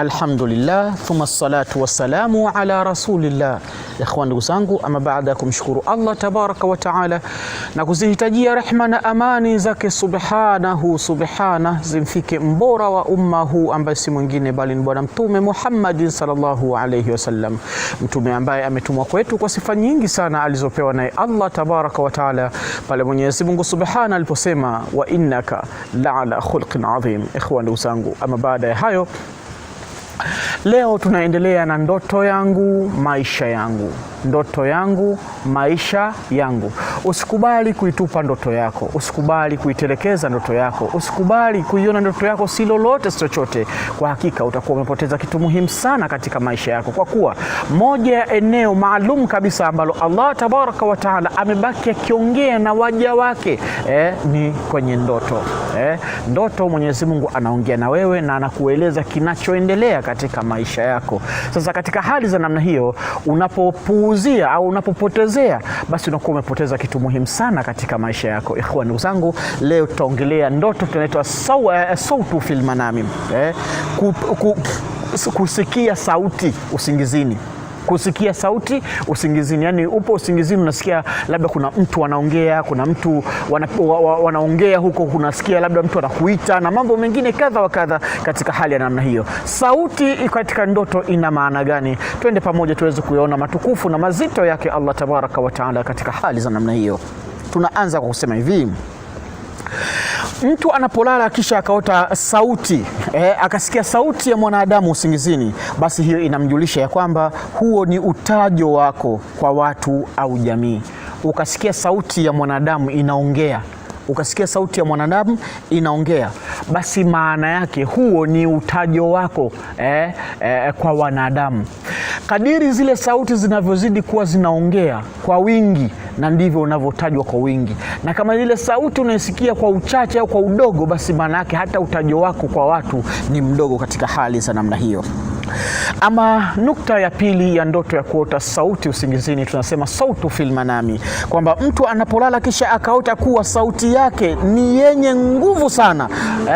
Alhamdulillah thumma salatu wassalamu ala rasulillah. Ikhwan, ndugu zangu, ama baada ya kumshukuru Allah tabaraka wa taala na kuzihitajia rehma na amani zake subhanahu subhana zimfike mbora wa umma huu ambaye si mwingine bali ni Bwana Mtume Muhammadin sallallahu alayhi wasallam, mtume ambaye ametumwa kwetu kwa sifa nyingi sana alizopewa naye Allah tabaraka wa taala pale Mwenyezi Mungu subhana aliposema wa innaka la ala khulqin adhim. Ikhwan, ndugu zangu, ama baada ya hayo Leo tunaendelea na ndoto yangu maisha yangu ndoto yangu, maisha yangu. Usikubali kuitupa ndoto yako, usikubali kuitelekeza ndoto yako, usikubali kuiona ndoto yako si lolote si chochote. Kwa hakika utakuwa umepoteza kitu muhimu sana katika maisha yako, kwa kuwa moja ya eneo maalum kabisa ambalo Allah tabaraka wa taala amebaki akiongea na waja wake eh, ni kwenye ndoto eh. Ndoto Mwenyezi Mungu anaongea na wewe na anakueleza kinachoendelea katika maisha yako. Sasa katika hali za namna hiyo unapopu unapopuuzia au unapopotezea, basi unakuwa umepoteza kitu muhimu sana katika maisha yako. Ikhwan, ndugu zangu, leo tutaongelea ndoto tunaitwa eh, sautu fil manami eh, kusikia sauti usingizini kusikia sauti usingizini, yani upo usingizini, unasikia labda kuna mtu anaongea, kuna mtu wana, wa, wa, wanaongea huko, unasikia labda mtu anakuita na mambo mengine kadha wa kadha. Katika hali ya namna hiyo, sauti katika ndoto ina maana gani? Twende pamoja tuweze kuyaona matukufu na mazito yake Allah tabaraka wa taala katika hali za namna hiyo. Tunaanza kwa kusema hivi Mtu anapolala kisha akaota sauti e, akasikia sauti ya mwanadamu usingizini, basi hiyo inamjulisha ya kwamba huo ni utajo wako kwa watu au jamii. Ukasikia sauti ya mwanadamu inaongea, ukasikia sauti ya mwanadamu inaongea, basi maana yake huo ni utajo wako eh, eh, kwa wanadamu kadiri zile sauti zinavyozidi kuwa zinaongea kwa wingi, na ndivyo unavyotajwa kwa wingi. Na kama zile sauti unaisikia kwa uchache au kwa udogo, basi maana yake hata utajo wako kwa watu ni mdogo katika hali za namna hiyo. Ama nukta ya pili ya ndoto ya kuota sauti usingizini, tunasema sautu fil manami, kwamba mtu anapolala kisha akaota kuwa sauti yake ni yenye nguvu sana.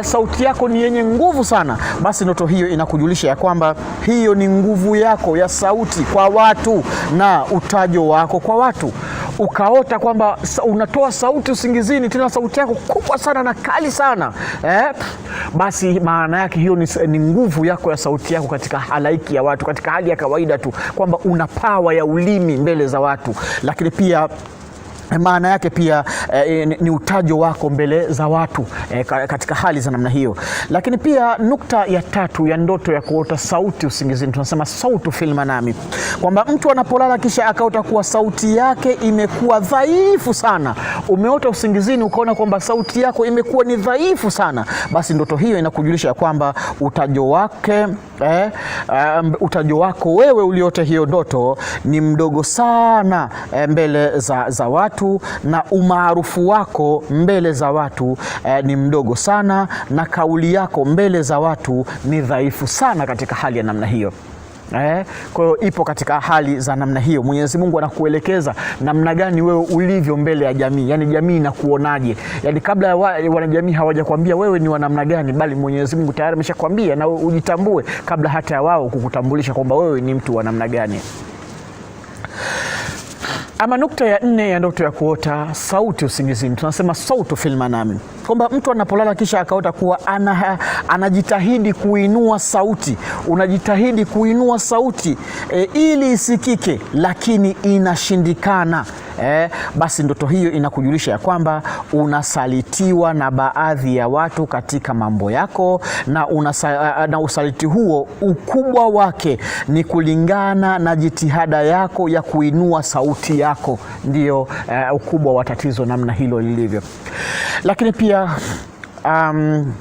E, sauti yako ni yenye nguvu sana, basi ndoto hiyo inakujulisha ya kwamba hiyo ni nguvu yako ya sauti kwa watu na utajo wako kwa watu ukaota kwamba unatoa sauti usingizini, tena sauti yako kubwa sana na kali sana eh, basi maana yake hiyo ni, ni nguvu yako ya sauti yako katika halaiki ya watu katika hali ya kawaida tu, kwamba una pawa ya ulimi mbele za watu, lakini pia eh, maana yake pia eh, ni utajo wako mbele za watu eh, katika hali za namna hiyo. Lakini pia nukta ya tatu ya ndoto ya kuota sauti usingizini, tunasema sautu fil manami, kwamba mtu anapolala kisha akaota kuwa sauti yake imekuwa dhaifu sana. Umeota usingizini ukaona kwamba sauti yako imekuwa ni dhaifu sana, basi ndoto hiyo inakujulisha kwamba utajo wake eh, um, utajo wako wewe uliote hiyo ndoto ni mdogo sana eh, mbele za, za watu na umaarufu wako mbele za watu eh, ni mdogo sana na kauli yako mbele za watu ni dhaifu sana katika hali ya namna hiyo. Eh, kwa hiyo ipo katika hali za namna hiyo. Mwenyezi Mungu anakuelekeza namna gani wewe ulivyo mbele ya jamii, yani jamii inakuonaje, yani kabla ya wa, wanajamii hawajakwambia wewe ni wa namna gani, bali Mwenyezi Mungu tayari ameshakwambia na ujitambue kabla hata ya wao kukutambulisha kwamba wewe ni mtu wa namna gani. Ama nukta ya nne ya ndoto ya kuota sauti usingizini, tunasema sautu fil manami, kwamba mtu anapolala kisha akaota kuwa ana, anajitahidi kuinua sauti, unajitahidi kuinua sauti e, ili isikike, lakini inashindikana eh, basi ndoto hiyo inakujulisha ya kwamba unasalitiwa na baadhi ya watu katika mambo yako na, unasa, eh, na usaliti huo ukubwa wake ni kulingana na jitihada yako ya kuinua sauti yako, ndiyo eh, ukubwa wa tatizo namna hilo lilivyo, lakini pia um,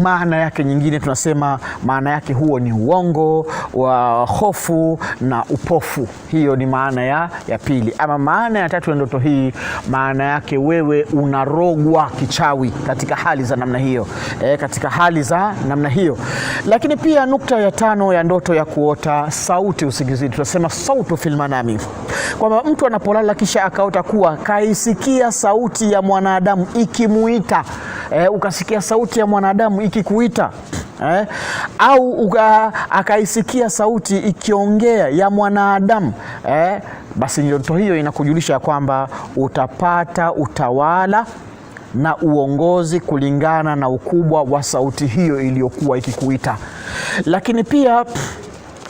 maana yake nyingine tunasema maana yake huo ni uongo wa hofu na upofu. Hiyo ni maana ya, ya pili. Ama maana ya tatu ya ndoto hii, maana yake wewe unarogwa kichawi katika hali za namna hiyo e, katika hali za namna hiyo. Lakini pia nukta ya tano ya ndoto ya kuota sauti usingizini, tunasema sautu filmanami kwamba mtu anapolala kisha akaota kuwa kaisikia sauti ya mwanadamu ikimuita eh, ukasikia sauti ya mwanadamu ikikuita eh, au uka, akaisikia sauti ikiongea ya mwanadamu eh, basi ndoto hiyo inakujulisha kwamba utapata utawala na uongozi kulingana na ukubwa wa sauti hiyo iliyokuwa ikikuita. Lakini pia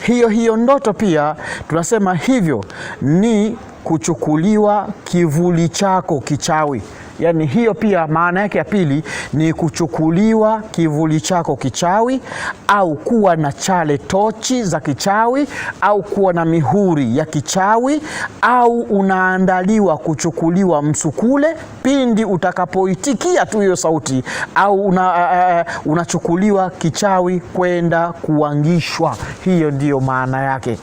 hiyo hiyo ndoto pia tunasema hivyo ni kuchukuliwa kivuli chako kichawi yani hiyo pia maana yake ya pili ni kuchukuliwa kivuli chako kichawi, au kuwa na chale tochi za kichawi, au kuwa na mihuri ya kichawi, au unaandaliwa kuchukuliwa msukule pindi utakapoitikia tu hiyo sauti, au una, uh, unachukuliwa kichawi kwenda kuangishwa. Hiyo ndiyo maana yake.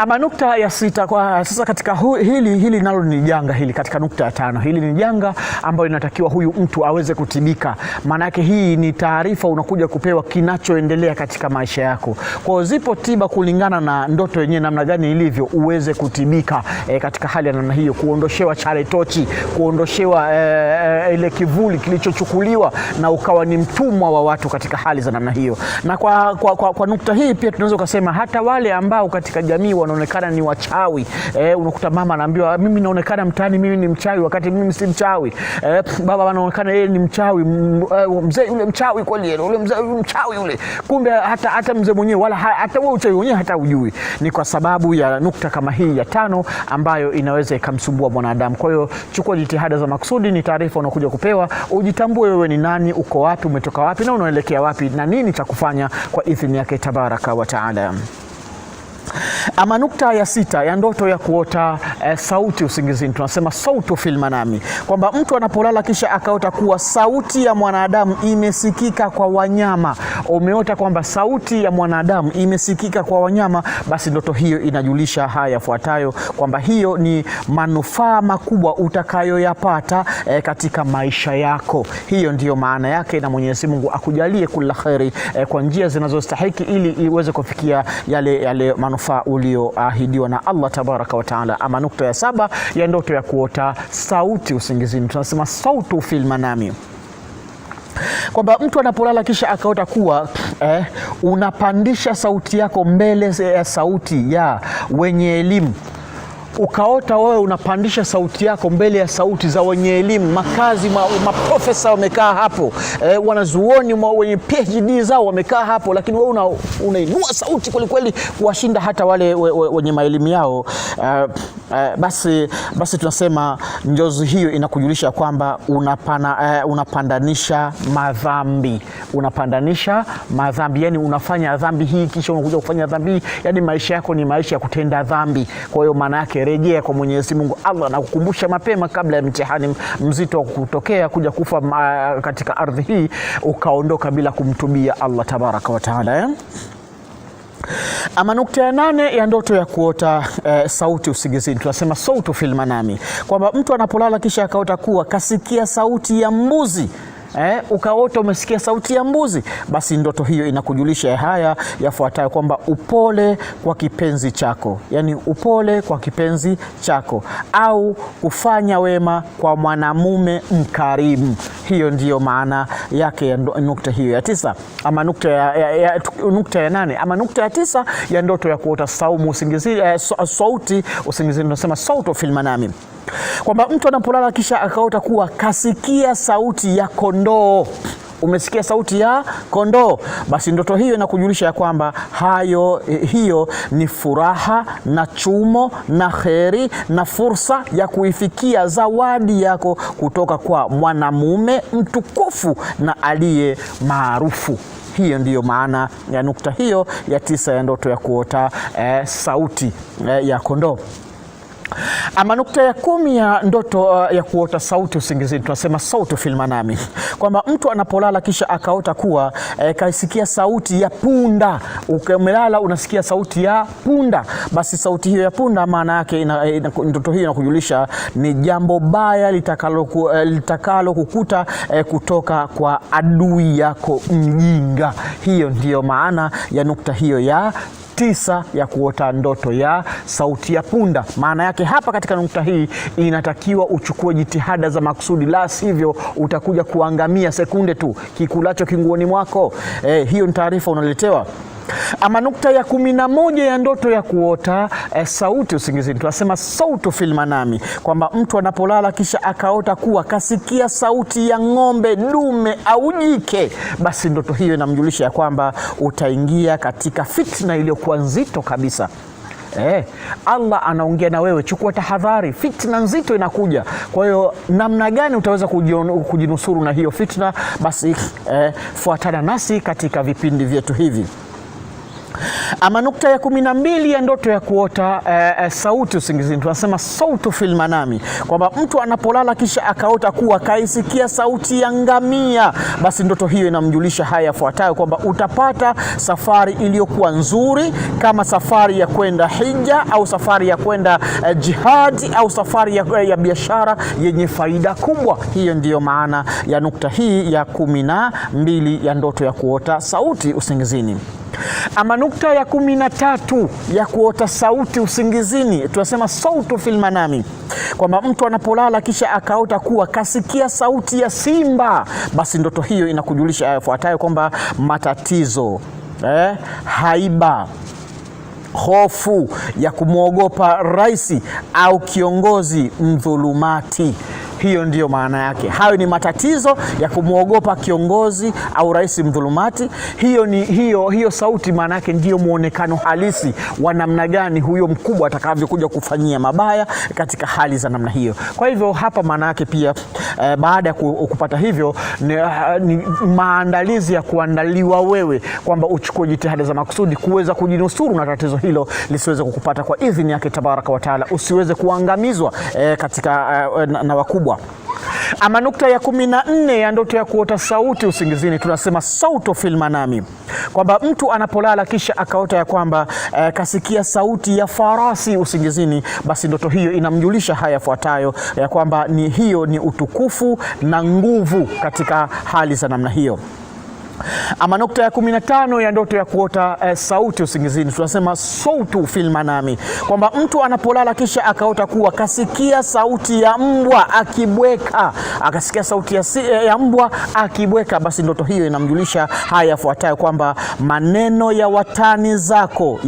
Ama nukta ya sita kwa sasa katika hu, hili hili nalo ni janga hili, katika nukta ya tano hili ni janga ambayo inatakiwa huyu mtu aweze kutibika. Maana yake hii ni taarifa unakuja kupewa kinachoendelea katika maisha yako. Kwa zipo tiba kulingana na ndoto yenyewe namna gani ilivyo, uweze kutibika e, katika hali ya namna hiyo, kuondoshewa chale tochi, kuondoshewa e, e, ile kivuli kilichochukuliwa na ukawa ni mtumwa wa watu katika hali za namna hiyo. Na kwa, kwa, kwa, kwa nukta hii pia tunaweza ukasema hata wale ambao katika jamii wa wanaonekana ni wachawi eh, unakuta mama anaambiwa mimi naonekana mtaani mimi ni mchawi, wakati mimi si mchawi eh, baba anaonekana yeye ni mchawi, eh, mzee yule mchawi kweli, yule mzee yule mchawi yule, kumbe hata, hata mzee mwenyewe wala hata wewe uchawi wenyewe hata ujui. Ni kwa sababu ya nukta kama hii ya tano ambayo inaweza ikamsumbua mwanadamu. Kwa hiyo chukua jitihada za makusudi, ni taarifa unakuja kupewa, ujitambue wewe ni nani, uko wapi, umetoka wapi na unaelekea wapi na nini cha kufanya kwa idhini yake tabaraka wa taala. Ama nukta ya sita ya ndoto ya kuota e, sauti usingizini, tunasema sautu fil manami, kwamba mtu anapolala kisha akaota kuwa sauti ya mwanadamu imesikika kwa wanyama. Umeota kwamba sauti ya mwanadamu imesikika kwa wanyama, basi ndoto hiyo inajulisha haya yafuatayo, kwamba hiyo ni manufaa makubwa utakayoyapata e, katika maisha yako. Hiyo ndiyo maana yake, na Mwenyezi Mungu akujalie kula kheri e, kwa njia zinazostahiki ili iweze kufikia yale, yale manufaa ulioahidiwa na Allah tabaraka wa taala. Ama nukta ya saba ya ndoto ya kuota sauti usingizini, tunasema sautu fil manami kwamba mtu anapolala kisha akaota kuwa eh, unapandisha sauti yako mbele ya eh, sauti ya wenye elimu ukaota wewe unapandisha sauti yako mbele ya sauti za wenye elimu makazi, ma, maprofesa wamekaa hapo e, wanazuoni wenye PhD zao wamekaa hapo, lakini wewe una, unainua sauti kwelikweli kuwashinda hata wale we, we, wenye maelimu yao. Uh, uh, basi, basi tunasema njozi hiyo inakujulisha kwamba unapana, uh, unapandanisha madhambi unapandanisha madhambi, yani unafanya dhambi hii kisha unakuja kufanya dhambi hii, yani maisha yako ni maisha ya kutenda dhambi. Kwa hiyo maana yake umerejea kwa Mwenyezi Mungu Allah anakukumbusha mapema kabla ya mtihani mzito wa kutokea kuja kufa ma, katika ardhi hii ukaondoka bila kumtubia Allah tabaraka wa taala eh? Ama nukta ya nane ya ndoto ya kuota e, sauti usingizini, tunasema sautu fil manami, kwamba mtu anapolala kisha akaota kuwa kasikia sauti ya mbuzi eh, ukaota umesikia sauti ya mbuzi, basi ndoto hiyo inakujulisha haya yafuatayo, kwamba upole kwa kipenzi chako, yani upole kwa kipenzi chako, au kufanya wema kwa mwanamume mkarimu. Hiyo ndiyo maana yake ya nukta hiyo ya tisa, ama nukta ya, ya, ya, nukta ya nane ama nukta ya tisa ya ndoto ya kuota saumu usingizi, eh, sauti usingizini, unasema sautofilmanami kwamba mtu anapolala kisha akaota kuwa kasikia sauti ya kondoo. Umesikia sauti ya kondoo, basi ndoto hiyo inakujulisha ya kwamba hayo eh, hiyo ni furaha na chumo na kheri na fursa ya kuifikia zawadi yako kutoka kwa mwanamume mtukufu na aliye maarufu. Hiyo ndiyo maana ya nukta hiyo ya tisa ya ndoto ya kuota eh, sauti eh, ya kondoo. Ama nukta ya kumi ya ndoto uh, ya kuota sauti usingizini, tunasema sauti fil manami, kwamba mtu anapolala kisha akaota kuwa eh, kaisikia sauti ya punda. umelala unasikia sauti ya punda, basi sauti hiyo ya punda maana yake ndoto hiyo inakujulisha ni jambo baya litakalo, ku, eh, litakalo kukuta eh, kutoka kwa adui yako mjinga. Hiyo ndiyo maana ya nukta hiyo ya tisa ya kuota ndoto ya sauti ya punda. Maana yake hapa katika nukta hii inatakiwa uchukue jitihada za makusudi, la sivyo utakuja kuangamia sekunde tu kikulacho kinguoni mwako. Eh, hiyo ni taarifa unaletewa. Ama nukta ya kumi na moja ya ndoto ya kuota e, sauti usingizini, tunasema sauto filmanami, kwamba mtu anapolala kisha akaota kuwa kasikia sauti ya ng'ombe dume au jike, basi ndoto hiyo inamjulisha ya kwamba utaingia katika fitna iliyokuwa nzito kabisa. Eh, Allah anaongea na wewe, chukua tahadhari, fitna nzito inakuja. Kwa hiyo namna gani utaweza kujinusuru na hiyo fitna? Basi eh, fuatana nasi katika vipindi vyetu hivi. Ama nukta ya kumi na mbili ya ndoto ya kuota eh, eh, sauti usingizini, tunasema sautu fil manami, kwamba mtu anapolala kisha akaota kuwa kaisikia sauti ya ngamia, basi ndoto hiyo inamjulisha haya yafuatayo, kwamba utapata safari iliyokuwa nzuri, kama safari ya kwenda hija au safari ya kwenda eh, jihadi au safari ya, eh, ya biashara yenye faida kubwa. Hiyo ndiyo maana ya nukta hii ya kumi na mbili ya ndoto ya kuota sauti usingizini. Ama nukta ya kumi na tatu ya kuota sauti usingizini, tunasema sautu filmanami kwamba mtu anapolala kisha akaota kuwa kasikia sauti ya simba, basi ndoto hiyo inakujulisha yafuatayo kwamba matatizo eh, haiba hofu ya kumwogopa raisi au kiongozi mdhulumati. Hiyo ndiyo maana yake. Hayo ni matatizo ya kumwogopa kiongozi au rais mdhulumati. Hiyo, ni, hiyo, hiyo sauti maana yake ndiyo mwonekano halisi wa namna gani huyo mkubwa atakavyokuja kufanyia mabaya katika hali za namna hiyo. Kwa hivyo hapa maana yake pia eh, baada ya kupata hivyo ni, eh, ni maandalizi ya kuandaliwa wewe kwamba uchukue jitihada za makusudi kuweza kujinusuru na tatizo hilo lisiweze kukupata kwa idhini yake tabaraka wataala, usiweze kuangamizwa eh, katika eh, na, na wakubwa kubwa. Ama nukta ya kumi na nne ya ndoto ya kuota sauti usingizini, tunasema sauto fil manami, kwamba mtu anapolala kisha akaota ya kwamba eh, kasikia sauti ya farasi usingizini, basi ndoto hiyo inamjulisha haya yafuatayo ya kwamba ni hiyo ni utukufu na nguvu katika hali za namna hiyo. Ama nukta ya kumi na tano ya ndoto ya kuota e, sauti usingizini, tunasema sautu fil manami, kwamba mtu anapolala kisha akaota kuwa kasikia sauti ya mbwa akibweka, akasikia sauti ya, si, eh, ya mbwa akibweka, basi ndoto hiyo inamjulisha haya yafuatayo, kwamba maneno ya watani zako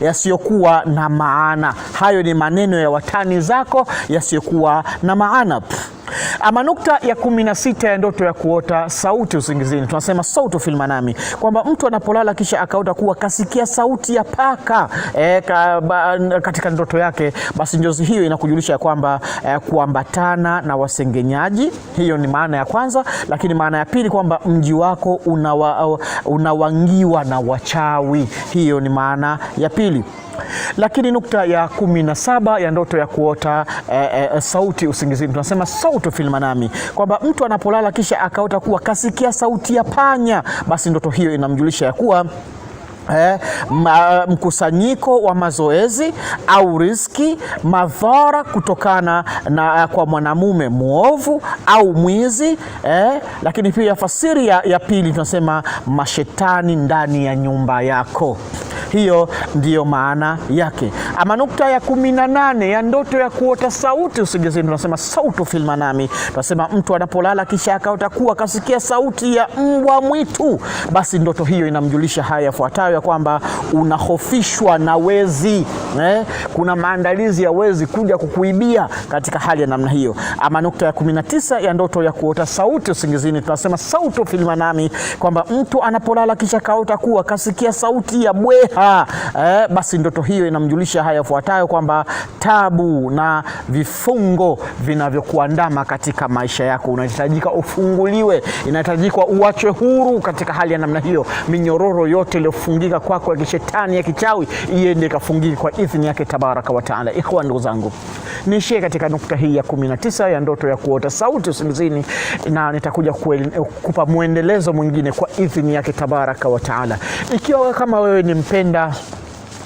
yasiyokuwa ya, ya na maana. Hayo ni maneno ya watani zako yasiyokuwa na maana Pff. Ama nukta ya kumi na sita ya ndoto ya kuota sauti usingizini, tunasema sautu filmanami, kwamba mtu anapolala kisha akaota kuwa kasikia sauti ya paka e, ka, ba, katika ndoto yake, basi njozi hiyo inakujulisha ya kwamba e, kuambatana na wasengenyaji. Hiyo ni maana ya kwanza, lakini maana ya pili kwamba mji wako unawa, unawangiwa na wachawi. Hiyo ni maana ya pili. Lakini nukta ya kumi na saba ya ndoto ya kuota eh, eh, sauti usingizini, tunasema sautu filmanami kwamba mtu anapolala kisha akaota kuwa kasikia sauti ya panya, basi ndoto hiyo inamjulisha ya kuwa Eh, ma, mkusanyiko wa mazoezi au riski, madhara kutokana na eh, kwa mwanamume mwovu au mwizi eh, lakini pia fasiri ya, ya pili tunasema mashetani ndani ya nyumba yako. Hiyo ndiyo maana yake. Ama nukta ya kumi na nane ya ndoto ya kuota sauti usingizini, tunasema sautu filmanami. Tunasema mtu anapolala kisha akaota kuwa akasikia sauti ya mbwa mwitu, basi ndoto hiyo inamjulisha haya yafuatayo, ya kwamba unahofishwa na wezi eh? Kuna maandalizi ya wezi kuja kukuibia katika hali ya namna hiyo. Ama nukta ya 19 ya ndoto ya kuota sauti usingizini, tunasema sauti filimanami, kwamba mtu anapolala kisha kaota kuwa kasikia sauti ya bweha eh, basi ndoto hiyo inamjulisha haya yafuatayo kwamba tabu na vifungo vinavyokuandama katika maisha yako unahitajika ufunguliwe, inahitajika uwache huru katika hali ya namna hiyo. Minyororo yote iliyofungika kwako ya kishetani ya kichawi iende ikafungika kwa idhini yake tabaraka wa taala. Ikhwan, ndugu zangu, niishie katika nukta hii ya 19 ya ndoto ya kuota sauti usingizini, na nitakuja kupa mwendelezo mwingine kwa idhini yake tabaraka wa taala, ikiwa kama wewe ni mpenda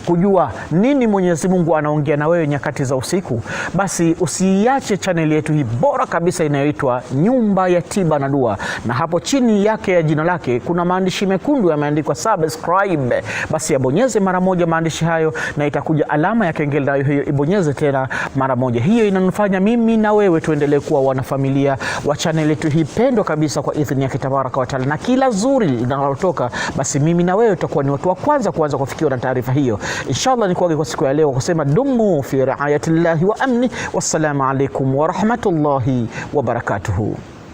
kujua nini Mwenyezi Mungu anaongea na wewe nyakati za usiku, basi usiiache chaneli yetu hii bora kabisa inayoitwa Nyumba ya Tiba na Dua, na hapo chini yake ya jina lake kuna maandishi mekundu yameandikwa subscribe. Basi yabonyeze mara moja maandishi hayo, na itakuja alama ya kengele, nayo hiyo ibonyeze tena mara moja. Hiyo inanifanya mimi na wewe tuendelee kuwa wanafamilia wa chaneli yetu hii pendwa kabisa, kwa idhini yake tabaraka wataala, na kila zuri linalotoka basi mimi na wewe tutakuwa ni watu wa kwanza kuanza kufikiwa na taarifa hiyo. Inshallah nikuage kwa siku ya leo kusema dumu fi riayatillahi wa amni. Wassalamu alaikum warahmatullahi wabarakatuhu.